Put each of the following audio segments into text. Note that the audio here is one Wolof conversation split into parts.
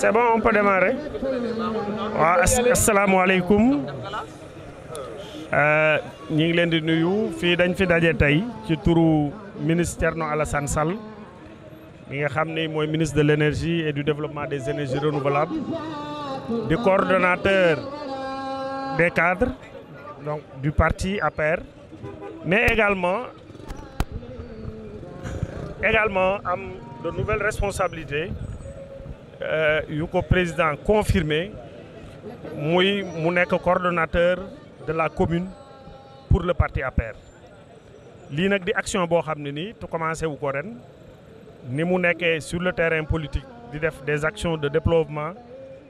c'est bon on peut démarrer waaw asalaamaaleykum euh, ñu ngi leen di nuyu fii dañ fi daje tey ci turu ministre Thierno Alassane Sall mi nga xam ni mooy ministre de l'énergie et du développement des énergies renouvelables di coordonnateur des cadres donc du parti APR mais également également am de nouvelles responsabilités Euh, yu ko président confirmé muy mu nekk coordonnateur de la commune pour le parti APR. lii nag di action boo xam ne nii tu commencé wu ko ren ni mu nekkee sur le terrain politique di def des actions de développement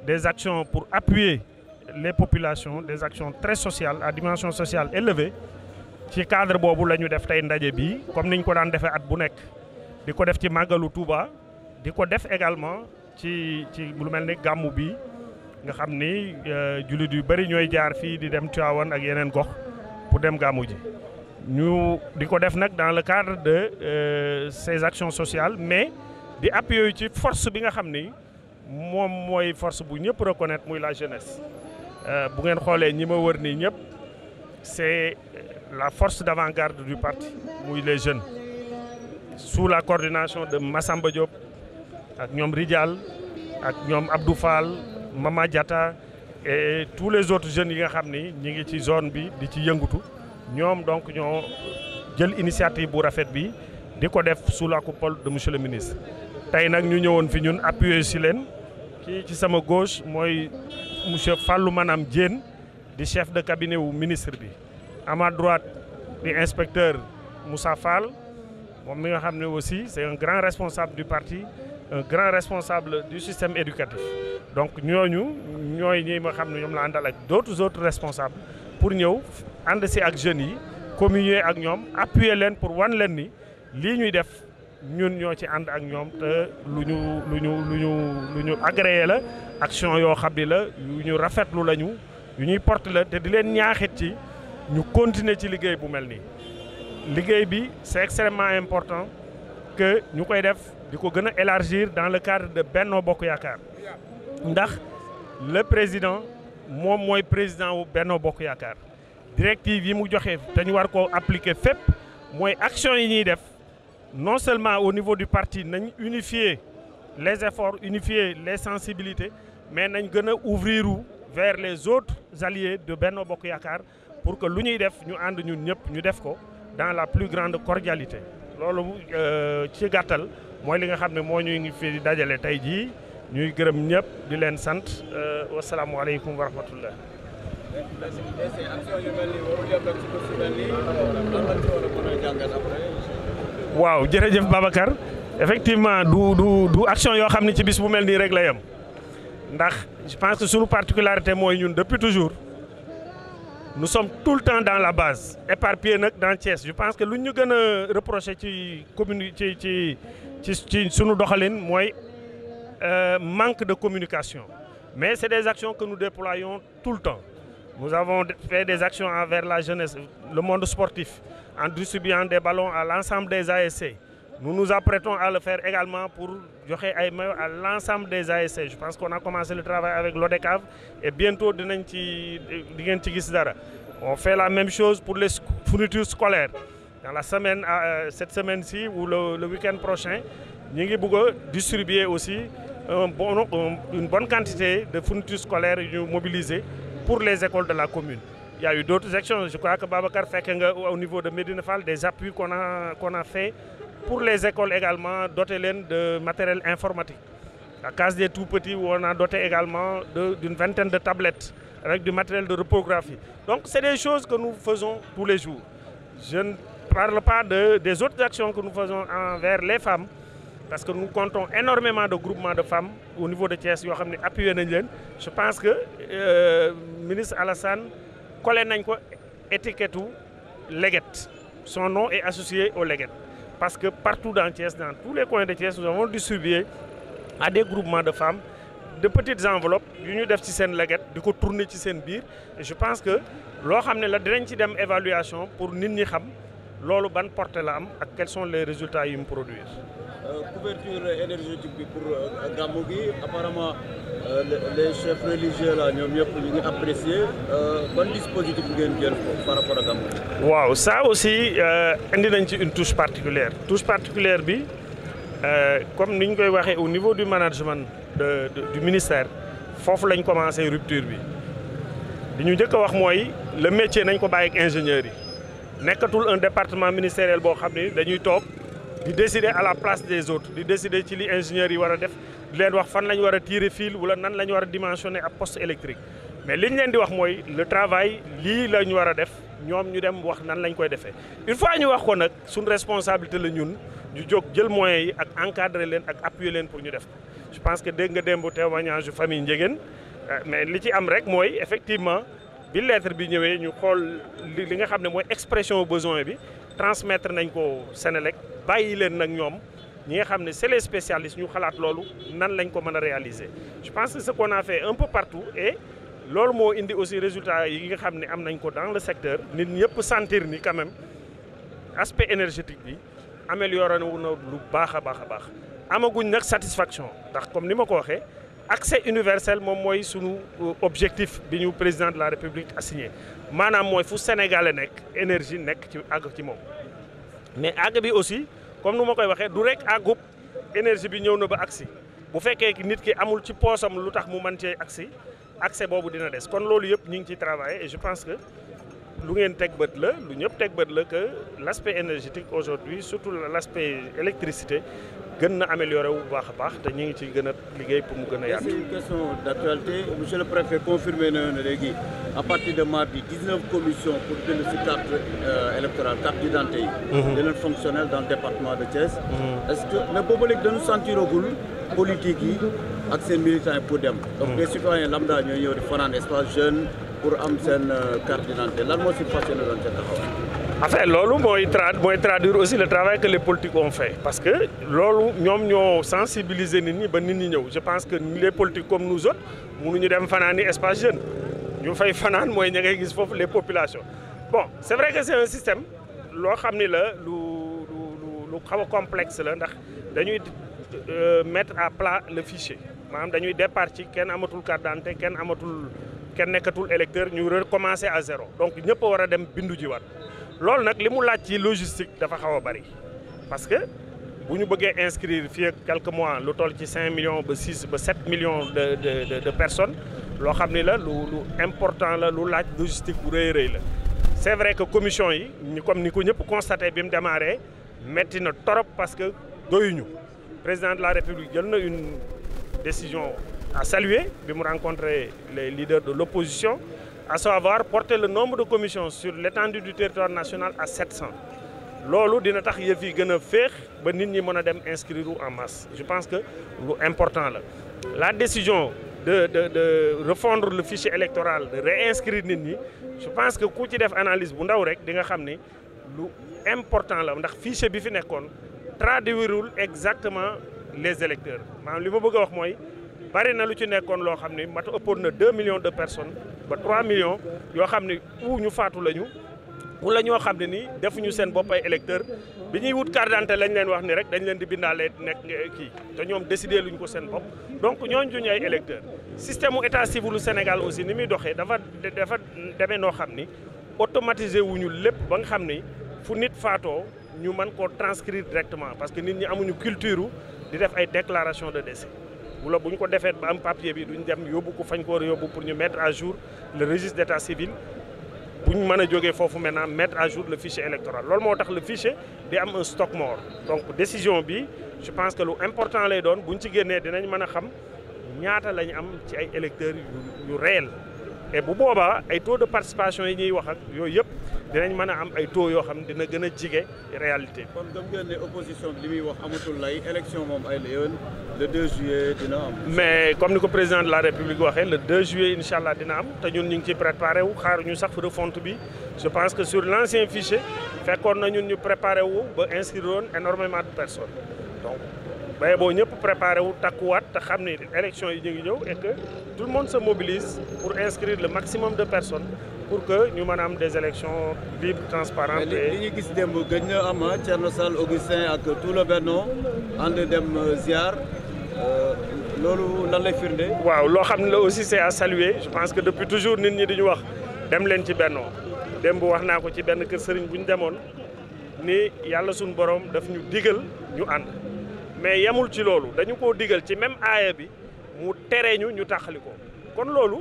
des actions pour appuyer les populations des actions très sociales à dimension sociale élevée ci cadre boobu la ñu def tey ndaje bi comme niñ ko daan defee at bu nekk di ko def ci màggalu Touba di ko def également ci ci lu mel ni gàmmu bi nga xam ni euh, jullit yu bëri ñooy jaar fii di dem Tivaouane ak yeneen gox pour dem gàmmu ji ñu di ko def nag dans le cadre de euh, ces actions sociales mais di appuyer ci force bi nga xam ni moom mooy force bu ñëpp reconnaître muy la jeunesse euh, bu ngeen xoolee ñi ma wër nii ñëpp c'est la force d'avant-garde du parti muy les jeunes sous la coordination de Massamba Diop ak ñoom Rijal ak ñoom Abdou Fall Mama Diatta tous les autres jeunes yi nga xam ni ñi ngi ci zone bi di ci yëngutu ñoom donc ñoo jël initiative bu rafet bi di ko def sous la de monsieur le ministre tey nag ñu ñëwoon fi ñun appuyer si leen kii ci sama gauche mooy monsieur Fallou Manam Diène di chef de cabinet wu ministre bi à ma droite di inspecteur Moussa Fall moom mi nga xam ne aussi c'est un grand responsable du partie un grand responsable du système éducatif donc ñooñu ñooy ñi ma xam ne ñoom la àndal ak d'autres autres responsables pour ñëw ànd si ak jeunes yi communier ak ñoom appuyer leen pour wan leen ni lii ñuy def ñun ñoo ci ànd ak ñoom te lu ñu lu ñu lu ñu lu ñu agréé la action yoo xam ni la yu ñu rafetlu la ñu yu ñuy porte la te di leen ñaaxit ci ñu continuer ci liggéey bu mel nii liggéey bi c'est extrêmement important que ñu koy def di ko gën a élargir dans le cadre de Benno Bokk Yaakaar ndax le président moom mooy président wu Benno Bokk Yaakaar directive yi mu joxe te war ko appliquer fépp mooy action yi ñuy def non seulement au niveau du parti nañ unifier les efforts unifier les sensibilités mais nañ gën a ouvrir vers les autres alliés de Benno Bokk Yaakaar pour que lu ñuy def ñu ànd ñun ñëpp ñu def ko dans la plus grande cordialité loolu euh, ci gàttal mooy li nga xam ne moo ñuy fi dajale tey jii ñuy gërëm ñëpp di leen sant euh, wasalaamualeykum wa rahmatullah waaw jërëjëf Babacar effectivement du du du action yoo xam ne ci bis bu mel nii rek la yem ndax je pense que suñu particularité mooy ñun depuis toujours nous sommes tout le temps dans la base éparpillé nag dans Thiès je pense que lu ñu gën a reproché ci commune ci ci ci ci suñu doxalin mooy euh, manque de communication mais c'est des actions que nous déployons tout le temps nous avons fait des actions envers la jeunesse le monde sportif en distribuant des ballons à l'ensemble des ASC Nous nous apprêtons à le faire également pour joxe ay maillots à l'ensemble des ASC. Je pense qu'on a commencé le travail avec l'ODECAV et bientôt dinañ ci di ngeen ci gis dara. On fait la même chose pour les fournitures scolaires. Dans la semaine euh, cette semaine si ou le, le week-end prochain ñu ngi bëgg a distribuer aussi un bon une bonne quantité de fournitures scolaires yu ñu pour les écoles de la commune. Il y a eu d'autres actions je crois que Babacar fekk nga au niveau des appuis qu'on a pour les écoles également doter leen de matériel informatique la case des tout petits on a doté également de d'une vingtaine de tablettes avec du matériel de reprographie donc c'est des choses que nous faisons tous les jours je ne parle pas de des autres actions que nous faisons envers les femmes parce que nous comptons énormément de groupement de femmes au niveau de Thiès yoo xam ne appuyé nañ leen je pense que euh, ministre Alassane collé nañ ko étiquette u Léguette son nom est associé au Léguette parce que partout dans Thiès, dans tous les coins de Thiès, nous avons distribué à des groupements de femmes de petites enveloppes yu ñu def ci seen leget di ko tourner ci seen biir je pense que loo xam ne la dinañ ci dem évaluation pour nit ñi xam loolu ban portée la am ak quels sont les résultats yu mu produire. Euh, couverture énergétique bi pour euh, gàmmu gi apparemment euh, les chefs religieux là ñoom ñëpp ñu ngi apprécier ban dispositif ngeen jël par rapport ak gàmmu gi. waaw saa aussi indi nañ ci une touche particulière touche particulière bi comme ni ñu koy waxee au niveau du management de du ministère foofu lañu commencé rupture bi li ñu njëkk a wax mooy le métier nañ ko bàyyi ak ingénieurs yi. nekkatul un département ministériel boo xam ni dañuy toog di décider à la place des autres di décider ci li ingénieurs yi war a def di leen wax fan la ñu war a tirer fil wala nan lañu ñu war a dimensionner ab poste électrique mais li ñu leen di wax mooy le travail lii la ñu war a def ñoom ñu dem wax nan lañ koy defee il fois ñu wax ko nag suñ responsabilité la ñun ñu jóg jël moyens yi ak encadre leen ak appuyer leen pour ñu def je pense que dégg nga dem témoignage yu famille Ndiéguène euh, mais li ci am rek mooy effectivement bi lettre bi ñëwee ñu xool li nga xam ne mooy expression besoin bi transmettre nañ ko Sénélec bàyyi leen nag ñoom ñi nga xam ne c'est les spécialistes ñu xalaat loolu nan lañ ko mën a réaliser. je pense que un peu partout loolu moo indi aussi résultat yi nga xam ne am nañ ko dans le secteur. nit ñëpp sentir ni quand même aspect énergétique bi amélioré wu na lu baax a baax a baax amaguñ nag satisfaction ndax comme ni ma ko waxee. accès universel moom mooy sunu euh, objectif bi ñu président de la république assigné maanaam mooy fu sénégalais nekk energi nekk ci àgg ci moom mais àgg bi aussi comme nu ma koy waxee du rek àggub énergie bi ñëw na ba agsi bu fekkee nit ki amul ci poosam lu tax mu mën cee agsi accès boobu dina des kon loolu yëpp ñu ngi ciy travailler je pense que lu ngeen teg bët la lu ñëpp teg bët la que l' aspect énergétique aujourd'hui surtout la laspe électricité gën na amélioré wu bu baax a baax te ñu ngi ci gën a liggéey pour mu gën a yaatu. c'est une question d' actualité le préfet confirmé na ne léegi à partir de mardi 19 commissions pour jënd si carte euh, électorale carte d' identité yi. Mhm. dinañ fonctionnel dans le département de Thiès. Mhm. est ce que mais boobu léegi dañu sentiragul politique yi ak seen pour dem. donc mhm. les citoyens lambda ñooy ñëw di fanaan pour am seen euh, carte d'identité lan moo si passé na doon seen taxawaay. en fait loolu mooy tra mooy traduire aussi le travail que les politiques ont fait parce que loolu ñoom ñoo sensibiliser nit ñi ba nit ñi ñëw je pense que les politiques comme nous autres mënuñu dem fanaani espace jeune ñu fay fanaan mooy ña ngay gis foofu les populations. bon c'est vrai que c'est un système loo xam ni la lu lu lu lu xaw a complexe la ndax dañuy euh, mettre à plat le fichier maam dañuy départ ci kenn amatul carte kenn amatul. kenn nekkatul électeur ñu recommencer à zéro donc ñëpp war a dem bindu ji waat loolu nag li mu laaj ci logistique dafa xaw a bari parce que bu ñu bëggee inscrir fii ak mois lu toll ci cinq millions ba six ba sept millions de de personnes loo xam ni la lu lu important la lu laaj logistique bu rëy rëy la. c'est vrai que commission yi ñu comme ni ko ñëpp constaté bi mu démarré metti na torop parce que doyuñu président de la république jël na une décision a salué bi mu rencontré les leaders de l'opposition à savoir porter le nombre de commissions sur l'étendue du territoire national à 700 loolu dina tax yëf fi gën a féex ba nit ñi mën a dem inscrire en masse je pense que lu important la la décision de de de refondre le fichier électoral de réinscrire nit ñi je pense que ku ci def analyse bu ndaw rek di nga xam ni lu important la ndax fichier bi fi nekkoon traduirul exactement les électeurs maanaam li ma bëgg a wax mooy bari na lu ci nekkoon loo xam ne mat ëppoon na 2 millions de personnes ba 3 millions yoo xam ne ou ñu faatu lañu wala ñoo xam ne nii defuñu seen bopp ay bi ñuy wut carte d'identité lañ leen wax ni rek dañu leen di bindaale nekk kii te ñoom décidé luñ ko seen bopp donc ñooñu duñu ay électeurs système mu état civil Sénégal aussi ni muy doxee dafa dafa demee noo xam ni wu ñu lépp ba nga xam ni fu nit faatoo ñu mën ko transcrire directement parce que nit ñi amuñu culture di def ay déclaration de décès bu la bu ñu ko defee ba am papier bi duñ dem yóbbu ko fañ ko war a yóbbu pour ñu mettre à jour le registre d'état civil bu ñu mën a jógee foofu maintenant mettre à jour le fichier électoral lool moo tax le fichier di am un stock mort donc décision bi je pense que lu important lay doon bu ñu ci génnee dinañ mën a xam ñaata lañu am ci ay électeurs yu yu réel et bu boobaa ay taux de participation yi ñuy wax ak yooyu yëpp dinañ mën am ay taux yoo xam ne dina gën a jige réalité kon li muy wax amatul lay élection moom ay léyoon mais comme ni ko président de la république waxee le 2 juillet incha allah dina am te ñun ñu ngi ciy préparé wu xaar ñu sax refonte bi je pense que sur l' ancien fichier fekkoon na ñun ñu préparé wu ba inscrire woon énormément de personnes donc bay boo ñëpp préparé wu takkuwaat te xam ni élection yi ñu ñëw et que tout le monde se mobilise pour inscrire le maximum de personnes. pour que ñu mën a am des élections libres transparentes. mais li ñu gis démb gëj na am ah Thierno Sall Augustin ak tout le Benno ànd dem euh, ziar euh, loolu lan lay firnde. waaw loo xam ne la aussi c'est à saluer je pense que depuis toujours nit ñi di ñu wax dem leen ci Benno démb wax naa ko ci benn kër sëriñ bu ñu demoon ni yàlla suñu borom daf ñu digal ñu ànd mais yemul ci loolu dañu koo digal ci même aaya bi mu tere ñu ñu taxali ko kon loolu.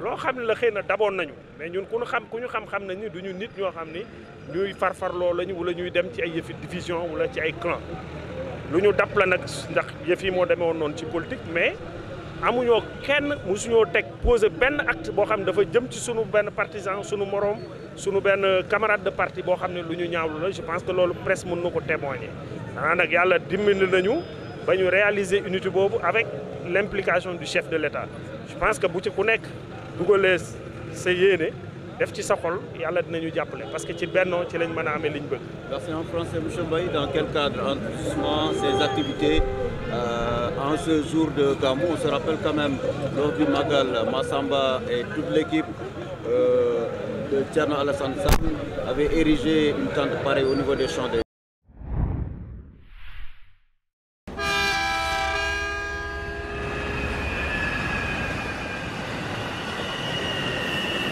loo xam ne la xëy na daboon nañu mais ñun ku ñu xam ku ñu xam-xam nañ ni du ñu nit ñoo xam ni ñuy farfarloo lañu wala ñuy dem ci ay yëfi division wala ci ay clan lu ñu dab la nag ndax yëf yi moo demee woon noonu ci politique mais amuñoo kenn mu suñoo teg posé benn acte boo xam ne dafa jëm ci suñu benn partisan suñu moroom sunu benn camarade de parti boo xam ne lu ñu ñaawlu la je pense que loolu presse mën na ko témoigner. xanaa nag yàlla dimbali nañu ba ñu réaliser unité boobu avec l' implication chef de l' que bu ku nekk. dugalee sa yéene def ci sa xol yàlla dinañu jàppale parce que ci bennoo ci lañ mën a amee liñ bëgg. merci en français monsieur Mbaye dans quel cadre enrichissement ces activités euh, en ce jour de Gamou on se rappelle quand même lors du Magal Massamba et toute l'équipe euh, de Thierno Alassane Sall avait érigé une tente pareille au niveau des champs de